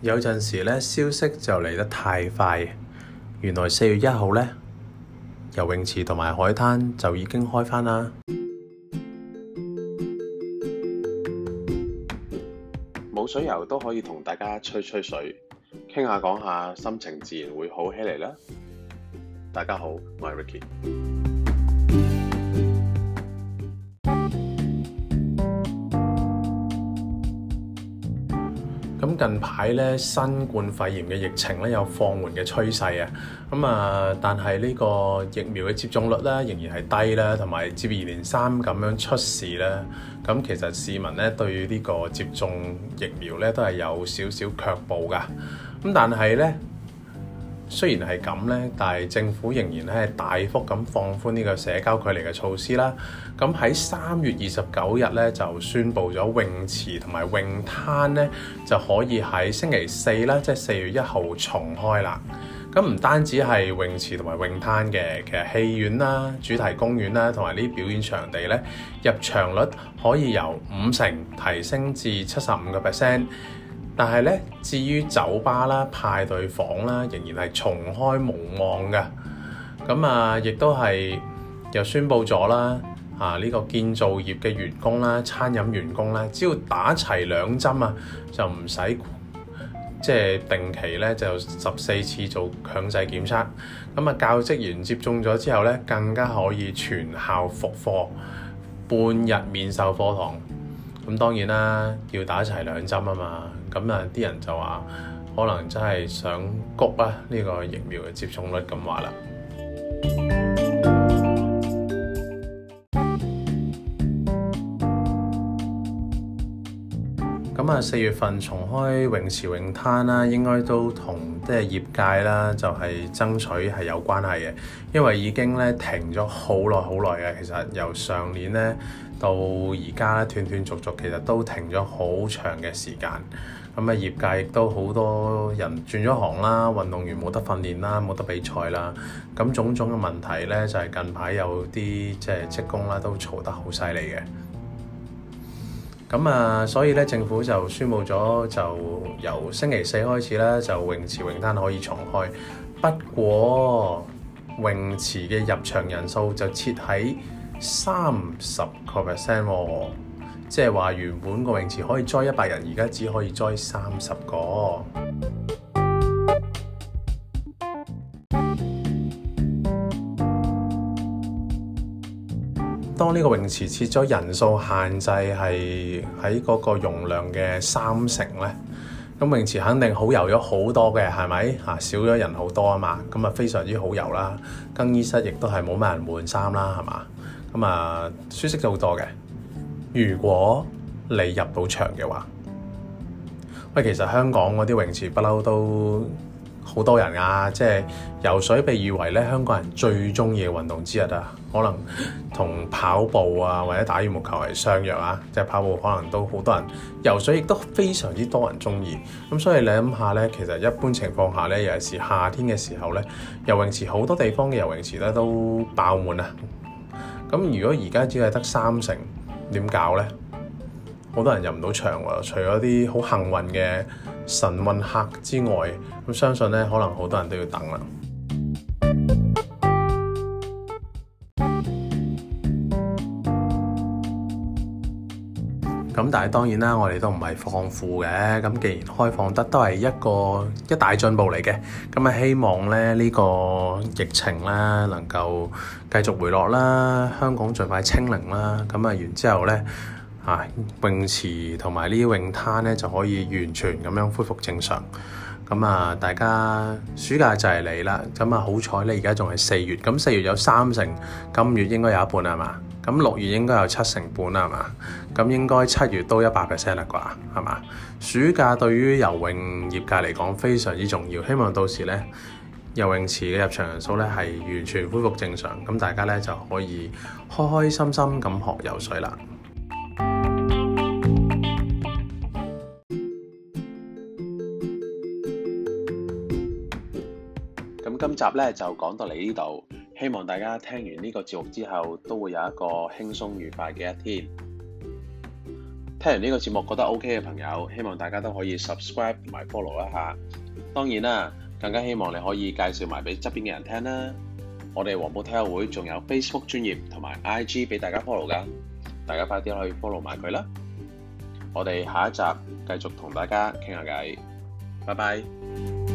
有陣時呢，消息就嚟得太快。原來四月一號呢，游泳池同埋海灘就已經開返啦。冇水遊都可以同大家吹吹水，傾下講下，心情自然會好起嚟啦。大家好，我係 Ricky。近排咧新冠肺炎嘅疫情咧有放緩嘅趨勢啊，咁啊，但係呢個疫苗嘅接種率咧仍然係低啦，同埋接二連三咁樣出事啦。咁其實市民咧對呢個接種疫苗咧都係有少少卻步㗎，咁但係咧。雖然係咁咧，但係政府仍然咧係大幅咁放寬呢個社交距離嘅措施啦。咁喺三月二十九日咧就宣布咗泳池同埋泳灘咧就可以喺星期四啦，即係四月一號重開啦。咁唔單止係泳池同埋泳灘嘅，其實戲院啦、主題公園啦同埋呢啲表演場地咧，入場率可以由五成提升至七十五個 percent。但係咧，至於酒吧啦、派對房啦，仍然係重開無望嘅。咁啊，亦都係又宣佈咗啦。啊，呢個建造業嘅員工啦、餐飲員工啦，只要打齊兩針啊，就唔使，即係定期咧就十四次做強制檢測。咁啊，教職員接種咗之後咧，更加可以全校復課，半日面授課堂。咁當然啦，要打齊兩針啊嘛，咁啊啲人就話可能真係想谷啊呢個疫苗嘅接種率咁話啦。咁啊、嗯，四月份重開泳池泳灘啦，應該都同即係業界啦，就係爭取係有關係嘅，因為已經咧停咗好耐好耐嘅，其實由上年咧。到而家咧斷斷續續，其實都停咗好長嘅時間。咁啊，業界亦都好多人轉咗行啦，運動員冇得訓練啦，冇得比賽啦。咁種種嘅問題咧，就係近排有啲即係職工啦都嘈得好犀利嘅。咁啊，所以咧政府就宣佈咗，就由星期四開始咧，就泳池泳灘可以重開。不過泳池嘅入場人數就設喺三十個 percent，即係話原本個泳池可以載一百人，而家只可以載三十個。當呢個泳池設咗人數限制，係喺嗰個容量嘅三成咧，咁泳池肯定好游咗好多嘅，係咪嚇少咗人好多啊嘛？咁啊非常之好游啦。更衣室亦都係冇乜人換衫啦，係嘛？咁啊、嗯，舒適咗好多嘅。如果你入到場嘅話，喂，其實香港嗰啲泳池不嬲都好多人啊，即係游水被譽為咧香港人最中意嘅運動之一啊。可能同跑步啊或者打羽毛球係相若啊，即係跑步可能都好多人，游水亦都非常之多人中意。咁所以你諗下呢，其實一般情況下呢，尤其是夏天嘅時候呢，游泳池好多地方嘅游泳池咧都爆滿啊。咁如果而家只係得三成，點搞咧？好多人入唔到場喎，除咗啲好幸運嘅神運客之外，咁相信咧，可能好多人都要等啦。咁但係當然啦，我哋都唔係放庫嘅。咁既然開放得都係一個一大進步嚟嘅，咁啊希望咧，呢個疫情啦能夠繼續回落啦，香港盡快清零啦。咁啊然之後咧，啊泳池同埋呢啲泳灘咧就可以完全咁樣恢復正常。咁啊，大家暑假就嚟啦。咁啊好彩你而家仲係四月。咁四月有三成，今月應該有一半啦，係嘛？咁六月應該有七成半啦，係嘛？咁應該七月都一百 percent 啦啩，係嘛？暑假對於游泳業界嚟講非常之重要，希望到時呢，游泳池嘅入場人數呢係完全恢復正常，咁大家呢就可以開開心心咁學游水啦。咁今集呢，就講到你呢度。希望大家聽完呢個節目之後都會有一個輕鬆愉快嘅一天。聽完呢個節目覺得 OK 嘅朋友，希望大家都可以 subscribe 同埋 follow 一下。當然啦，更加希望你可以介紹埋俾側邊嘅人聽啦。我哋黃埔體育會仲有 Facebook 專頁同埋 IG 俾大家 follow 㗎，大家快啲去 follow 埋佢啦。我哋下一集繼續同大家傾下偈，拜拜。